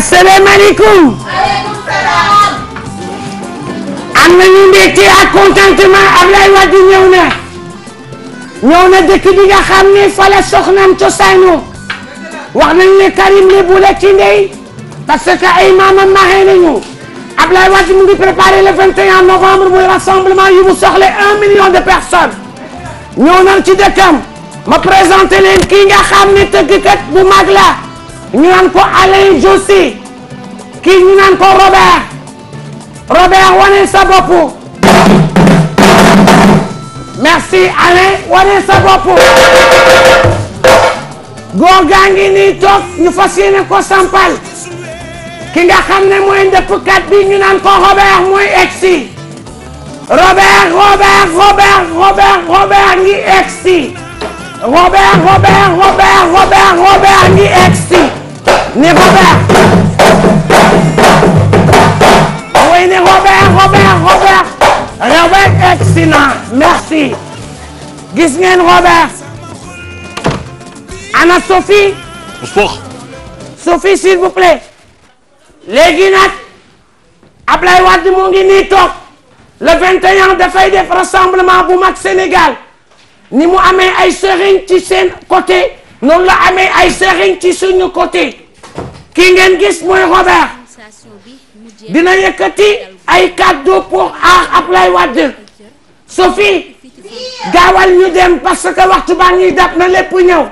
السلام عليكم عليكم السلام عمالين بيتي contentement Abdoulaye Wade ñëw na ñëw na dëkk bi nga xam ne fa la soxnaam cosaanoo wax nañ ne Karim ne bu la ci ndey parce que ay maamam maaxee nañu Abdoulaye Wade mu ngi préparé le 21 novembre muy rassemblement yu mu soxle un million de personnes ñëw nañ ci dëkkam ma présenté leen kii nga xam ne tëggkat bu mag la ñu naan ko Alain Jossi kii ñu naan ko Robert Robert wane sa bopp merci Alain wane sa bopp góor gaa ngi nii toog ñu fas yéene ko sampal ki nga xam ne mooy ndëppkat bi ñu naan ko Robert mooy egsi Robert Robert Robert Robert Robert ngi egsi Robert Robert Robert Robert Robert ngi egsi Né Robert Oui, Né Robert, Robert, Robert Robert, excellent, merci Gis Robert Anna Sophie Sophie s'il vous plaît Les Guinettes. Ablaye Wade ngi le 21 feuille de rassemblement bu Sénégal ni avons amee ay qui côté Nous la amee ay qui ci côté ki ngeen gis mooy Robert dina yëkkati ay cadeau pour aar Ablaye Wade Sophie gaawal ñu dem parce que waxtu baa ngi dab na lépp ñëw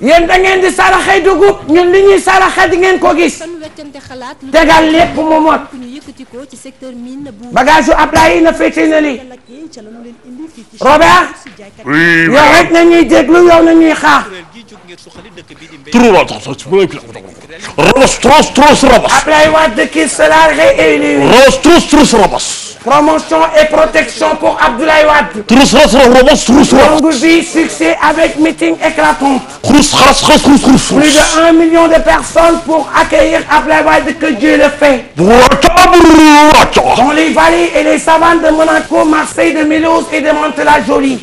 yéen da ngeen di saraxay dugub ñun li ñuy saraxa di ngeen ko gis tegal lépp mu mot bagage yu Ablaye yi na féete na lii Robert yow rek na déglu yow na xaar Promotion et protection pour Abdoulaye succès avec meeting éclatant Plus de 1 million de personnes pour accueillir Abdoulaye Wade que Dieu le fait. Dans les vallées et les savanes de Monaco, Marseille, de Mélouse et de la jolie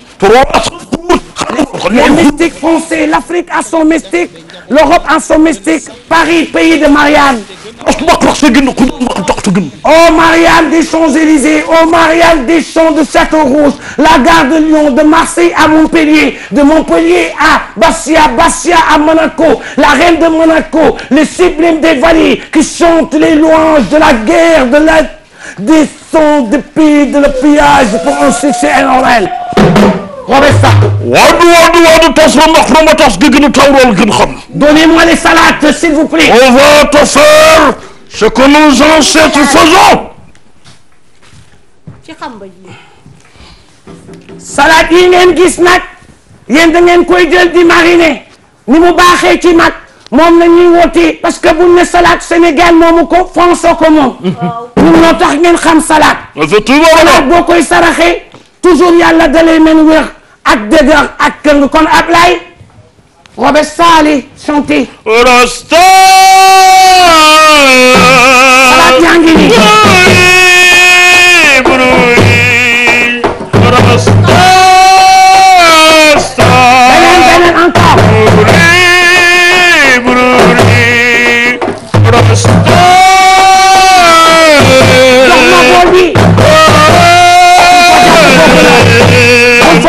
le mystique français, l'Afrique a son mystique, l'Europe a son mystique, Paris, pays de Marianne. Oh Marianne des Champs-Élysées, oh Marianne des Champs de Château-Rouge, la gare de Lyon, de Marseille à Montpellier, de Montpellier à Bastia, Bastia à Monaco, la reine de Monaco, les sublimes des vallées qui chantent les louanges de la guerre, de la... des sons de pays, de le pillage pour un succès énorme. Robessa. Wadu wadu wadu tos ma mbax ma tos gi gën a gën xam. Donnez-moi les salades, s'il vous plaît. On va te faire ce que nos ancêtres faisons. ci xam ba salade yi ngeen gis nak. yéen da ngeen koy jël di mariner ni mu baaxee ci mag moom la ñuy woti. parce que buñ ne salade Sénégal momu ko France ko moom. waaw ñun tax ngeen xam salade. effectivement salade boo koy saraxee. toujours yàlla dalay men wér ak dëgër ak këng kon Ablaye Robert Sali chanté Rasta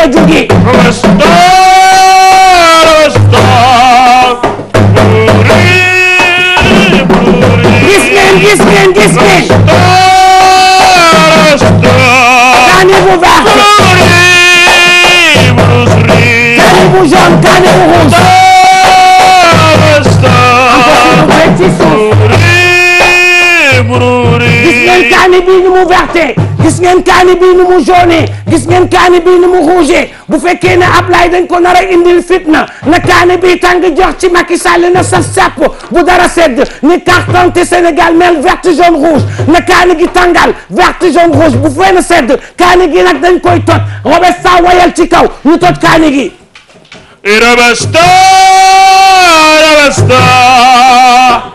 उपयोगी Gisman, Gisman, Gisman. Canibu vaca. Canibu John, canibu Rus. Antônio Bretisus. ngeen kaani bii ni mu verte gis ngeen kaani bii ni mu jaune gis ngeen kaani bii ni mu bu fekkee ne Ablaye dañ ko nar a indil fitna na kaani bii tàng jox ci Macky Sall na saf sàpp bu dara sedd ni cartonté Sénégal mel verte jaune rouge na kaani gi tàngal verte jaune rouge bu fenn sedd kaani gi nag dañ koy tot Robert sa wayal ci kaw ñu tot kaani gi i Star Robert Star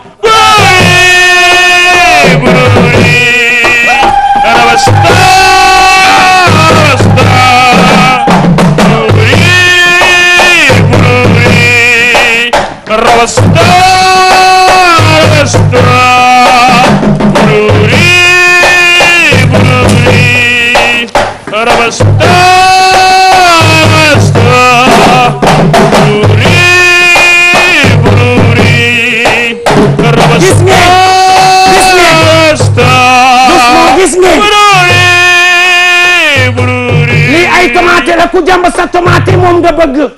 moom nga bëgg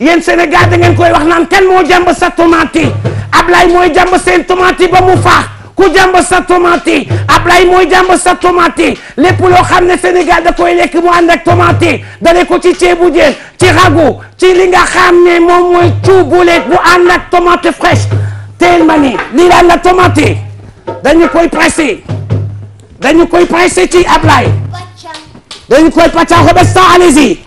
yéen Sénégal da ngeen koy wax naan kan moo jàmb sa tomate yi Ablaye mooy jàmb seen tomate yi ba mu faax ku jàmb sa tomate yi Ablaye mooy jàmb sa tomate yi lépp loo xam ne Sénégal da koy lekk mu ànd ak tomate yi dale ko ci ceebu jën ci ragu ci li nga xam ne moom mooy cuubuleet bu ànd ak tomate fraîche teel ma ni lii daan la tomate dañu koy pressé dañu koy pressé ci Ablaye dañu koy pàccaxo ba sans allez-y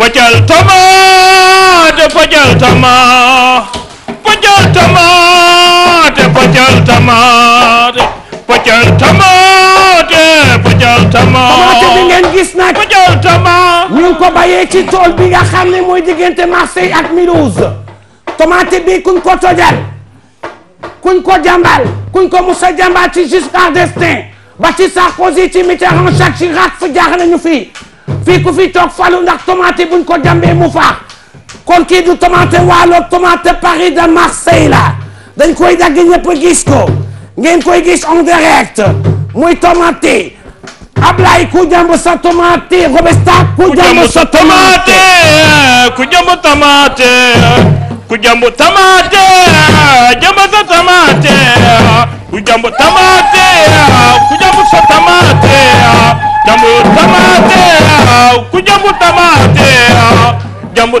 poccal tomate poccal tomate poccal tomate poccal tomate poccal tomate poccal tomate bi ngeen gis nag poccal tomate ñu ngi ko bayee ci tool bi nga xam ne mooy diggante Marseille ak Mulhouse tomate bi kuñ ko tojal kuñ ko jàmbal kuñ ko musa jàmbal ci jusqu'à destin ba ci Sarkozy ci Mitterrand chaque Chirac fu jaax nañu fii fii ku fi toog falu ndax tomate buñ ko jàmbee mu faax kon kii du tomate waalo tomate Paris de Marseille la dañ koy dagg ñëpp gis ko ngeen koy gis en direct muy tomate Ablaye ku jàmb tomate Robesta ku jàmb tomate ku jàmb ku jàmb tomate ku jàmb ku jàmb tomate jambu tamaate yaa ku jambu tamaate jambu jambu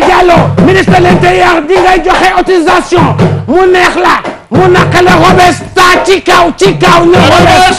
jambu eh, ministre de l'intérieur dirait de autorisation mu naqale xobes taa ci kaw ci kaw ñu xobes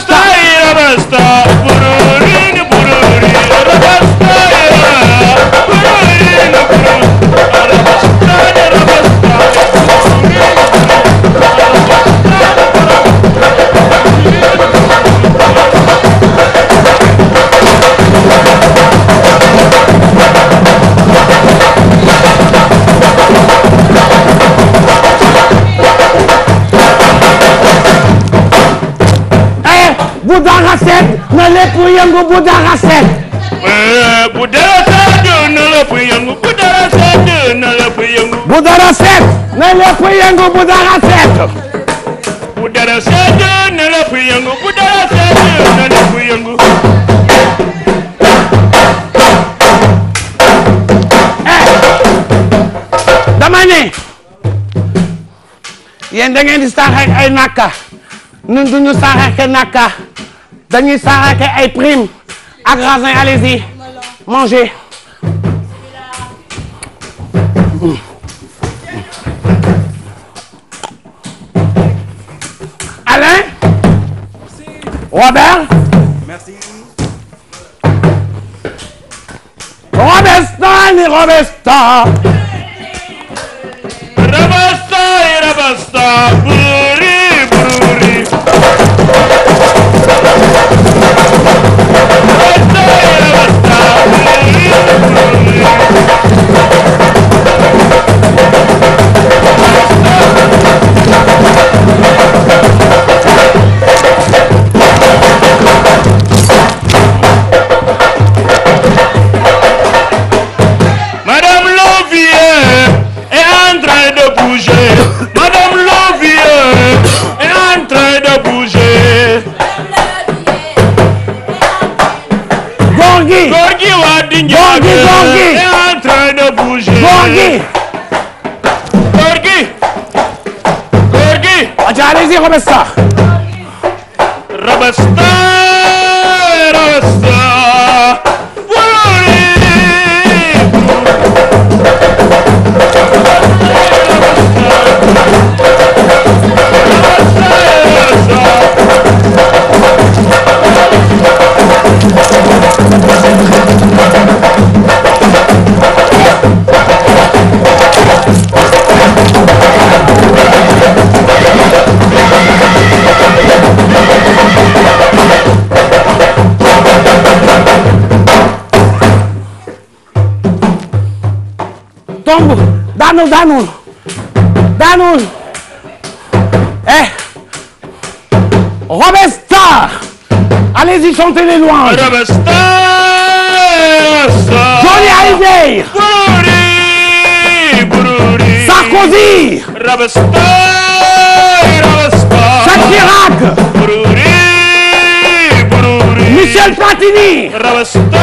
bu dara set na lépp yëngu bu dara set eh, bu dara set na lépp yëngu bu dara set na lépp yëngu bu dara set na lépp yëngu bu dara set bu dara set na lépp yëngu bu dara set na lépp yëngu eh, dama ne yéen da ngeen di saaxee ay nakka ñun duñu saaxee nakka Sarah qui est prime À allez-y mangez Alain Robert merci Robesta Robert Robesta Gorgi गोरगी गोरगी अचानक से हमेशा romb daanul daanul daanul eh Robesta allez-y chantez les louanges Robesta Johnny Hallyday Sarkozy Robesta Jacques Chirac Michel Platini Robesta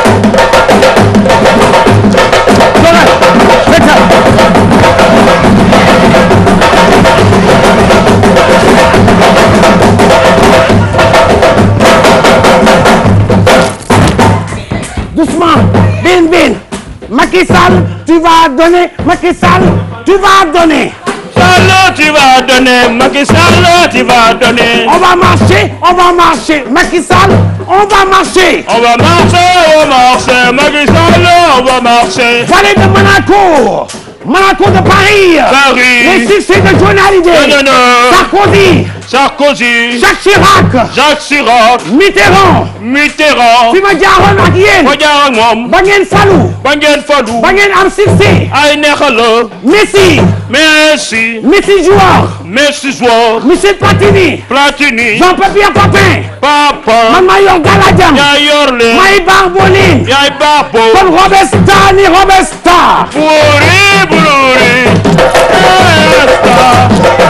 Ousmane bin bin Macky Sall tu vas donner Macky Sall tu vas donner. Sall tu vas donner Macky Sall tu vas donner. on va marcher on va marcher Macky Sall on va marcher. on va marcher on va marcher Macky Sall on va marcher. Vallée de Monaco Monaco de Paris. Paris les succès de Johnny Hallyday. non non non Sarkozy. Sarkozy. Jacques Chirac. Jacques Chirac. Mitterrand. Mitterrand. fi ma jaaroon ak yéen. ma jaar ak moom. ba ngeen falu. Messi. Messi. Messi joueur. Messi joueur. monsieur Platini. Platini. Jean-Pierre Papin. Papin. man maa yor Galadiam. yaa yor leen. may Barbo. kon Robesta ni Robesta. Buri buri. Robesta.